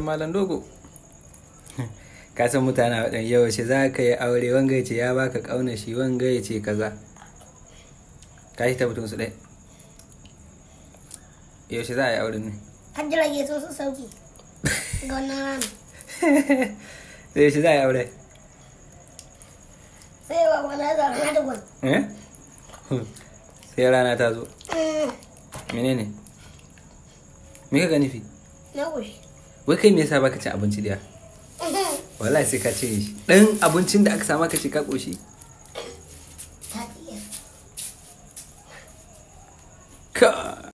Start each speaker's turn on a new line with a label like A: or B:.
A: malam dogo ka san mutane waɗanda yau ce za ka yi aure wanga ya ce ya baka ƙauna shi wanga ya ce kaza ka yi tabbatun su ɗaya yau ce za a yi auren ne
B: hajjira ke so su sauki
C: ga wannan rana
D: yau ce za a yi aure
C: sai wa wala za a da gwan
D: eh? sai rana ta zo
C: mm.
A: menene me ka gani fi na wuce wai kai me yasa baka ci abinci da wallahi sai ka ce shi dan abincin da aka sama ka ce ka koshi ka